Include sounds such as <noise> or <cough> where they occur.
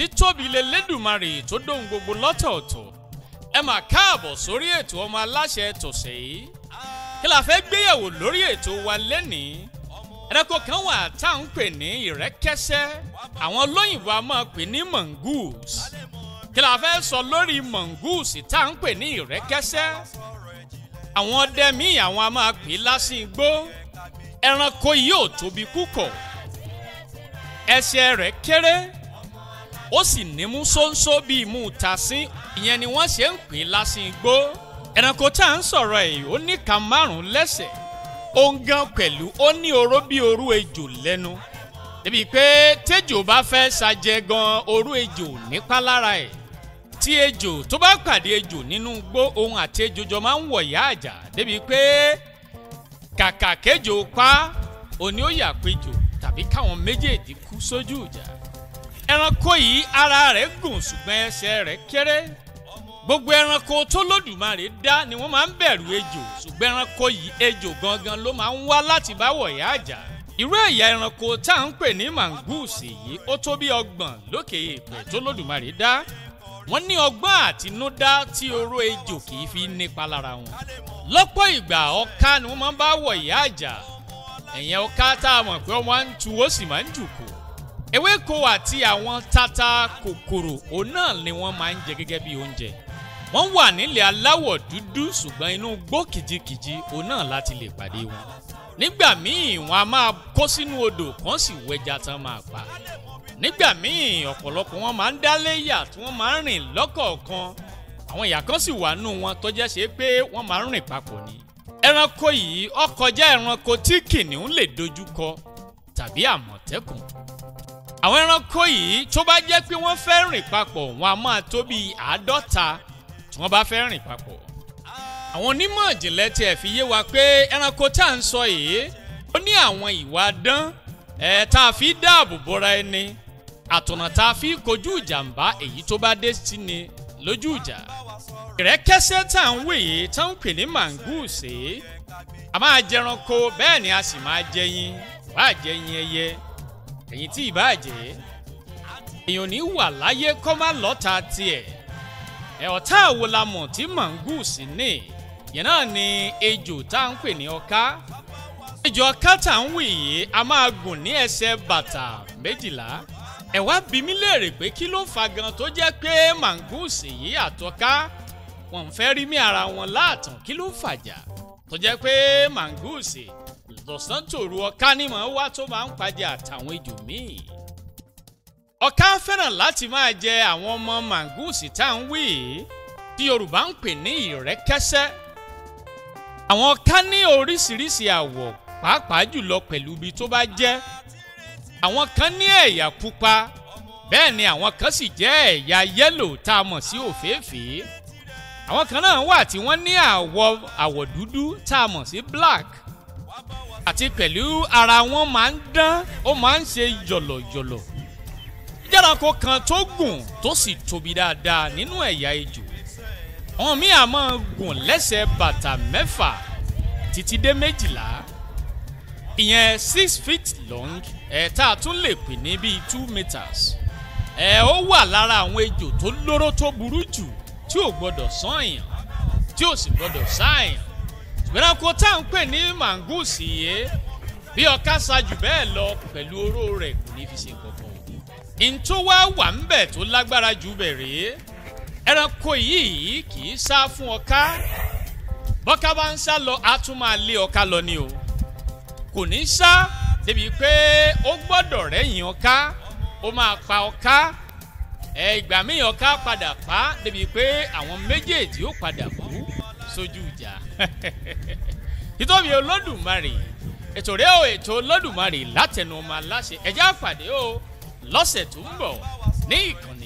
títóbi lélẹ́dùmarè tó dóhun gbogbo lọ́tọ̀ọ̀tọ̀ ẹ mà káàbọ̀ sórí ètò ọmọ aláṣẹ tòṣe yìí kí la fẹ́ gbéyẹ̀wò lórí ètò wa lẹ́nìí ẹranko kan wà tá à ń pè ní ìrẹ́kẹ́sẹ́ àwọn olóyìnbó a máa pè ní mongoose kí la fẹ́ sọ lórí mongoose tá à ń pè ní ìrẹ́kẹ́sẹ́ àwọn ọdẹ míì àwọn a máa pè lásìn igbó ẹranko yìí ò tóbi púpọ̀ ẹsẹ̀ rẹ̀ kéré ó sì nímú ṣóńṣó bíi imú tasín ìyẹn ni wọ́n ṣe ń pè lásìn igbó ẹranko tá à ń sọ̀rọ̀ ẹ̀ ó ní ka márùn-ún lẹ́sẹ̀ ó ń gan pẹ̀lú ó ní oró bíi oró ejò lẹ́nu débi pé tejò bá fẹ́ ṣàjẹ gan oró ejò nípa lára ẹ̀ tí ejò tó bá pàdé ejò nínú igbó òun àti ejò jọ máa ń wọ̀yá àjà débi pé kàkà kéjò pa òní ó yà péjò tàbí káwọn méjèèjì kú sójú ìjà ẹranko yìí ara rẹ̀ gùn ṣùgbọ́n ẹsẹ̀ rẹ̀ kéré gbogbo ẹranko tó lódùmarè dá ni wọ́n máa ń bẹ̀rù ejò ṣùgbọ́n ẹranko yìí ejò gangan ló máa ń wá láti bá wọ̀yá àjà irú ẹ̀yà ẹranko tá à ń pè ní mangoose yìí ó tó bí ọgbọ̀n lókè èpè tó lódùmarè dá wọ́n ní ọgbọ́n àtinúdá tí oró ejò kì fi nípa lára wọn lọ́pọ̀ ìgbà ọká ni wọ́n máa ń bá wọ̀yá àjà ẹ̀yìn ọká tá a mọ̀ pé wọ́n máa ń tu ó sì máa ń jùkú ewéko àti àwọn tata kòkòrò òun náà ni wọ́n máa ń jẹ gẹ́gẹ́ bí oúnjẹ wọ́n wà nílẹ̀ aláwọ̀ dúdú ṣùgbọ́n inú gbó kìjikìji òun náà láti lè pàdé wọn nígbà míì wọn a máa kó sínú odò kan sì wẹja tán máa pa nígbà míì ọ̀pọ̀lọpọ̀ wọn máa ń dálé yà tí wọ́n máa ń rìn lọ́kọ̀ọ̀kan àwọn ìyá kan sì wà nù wọn tó ṣe pé wọ́n máa ń rìn papọ̀ ni ẹranko yìí ó ẹranko tí kìnìún lè dojúkọ tàbí àmọ̀tẹ́kùn àwọn ẹranko yìí tó bá jẹ́ pé wọ́n fẹ́ rìn papọ̀ wọn a máa tó bíi àádọ́ta tí wọ́n bá fẹ́ rìn papọ̀. àwọn onímọ̀ ìjìnlẹ̀ tiẹ̀ fi yé wa pé ẹranko tá à ń sọ yìí ó ní àwọn ìwà dán ẹ̀ tá a fi dáàbò bora ẹni àtọ̀nà tá a fi kojú ìjàmbá èyí tó bá dé sí ni lójú ìjà. ìrẹ́kẹ́sẹ́ tá à ń wè yìí tá ń pè ní màǹgùsì a máa jẹranko bẹ́ẹ̀ ni a sì máa jẹyin wàá jẹyin ẹyẹ ẹ̀yìn tí ìbá jẹ́ èèyàn ní wà láyé kọ́ má lọ́ta tiẹ̀ ẹ̀ ọ̀tá àwo la mọ̀ tí màngúùsì ní yẹn náà ni ejò tá à ń pè ní ọká ejò ọká tá à ń wì yìí a máa gùn ní ẹsẹ̀ bàtà méjìlá ẹ wá bi mí léèrè pé kí ló fà gan tó jẹ́ pé màngúùsì yìí àtọ́ká wọ́n fẹ́ rí mi ara wọn láàtàn kí ló fàjà tó jẹ́ pé màngúùsì lọ́sàn-án tòru ọ̀ká ni màá wá tó máa ń pàdé àtàwọn ejò míì. ọ̀ká fẹ́ràn láti máa jẹ àwọn ọmọ màngúùsì tá à ń wí tí Yorùbá ń pè ní ìrẹ́kẹ́sẹ́. àwọn ọ̀ká ní oríṣiríṣi àwọ̀ pàápàá jùlọ pẹ̀lú ibi tó bá jẹ́. àwọn kan ní ẹ̀yà pupa bẹ́ẹ̀ ni àwọn kan sì jẹ́ ẹ̀yà yẹ́lò tá a mọ̀ sí òféèfèé àwọn kan náà wà tí wọ́n ní àwọ̀ àwọ̀ dúdú tá a mọ̀ sí black àti pẹ̀lú ara wọn máa ń dán ó máa ń ṣe yọ̀lọ̀yọ̀lọ̀ jẹ́ranko kan tó gùn tó sì tóbi dáadáa nínú ẹ̀yà ejò àwọn míì á máa gùn lẹ́sẹ̀ bàtà mẹ́fà títí dé méjìlá ìyẹn six feet long ẹ̀ tá a tún lè pè ní bíi two meters ẹ̀ ó wà lára àwọn ejò tó lóró tó burú jù tí ò gbọ́dọ̀ sán èèyàn tí ò sì gbọ́dọ̀ sá ẹranko tá à ń pè ní mangoose yìí bí ọká ṣáájú bẹ́ẹ̀ lọ pẹ̀lú oró rẹ̀ kò ní fi ṣe kankan ntó wá wà ń bẹ̀ tó lágbára jù bẹ̀ rèé ẹranko yìí kì í sá fún ọká bọ́ká bá ń sá lọ á tún máa lé ọká lọ ni o kò ní sá débi pé ó gbọ́dọ̀ rẹ́yìn ọká ó máa pa ọká ẹ ìgbà míì ọká padà pa débi pé àwọn méjèèjì ó padà mọ́ sójú ìjà <laughs> títóbi olódùmarè ètò rẹ o ètò olódùmarè látẹnu ọmọ aláṣẹ ẹjẹ àpàdé o lọ́sẹ̀ tó ń bọ̀ ní ìkànnì.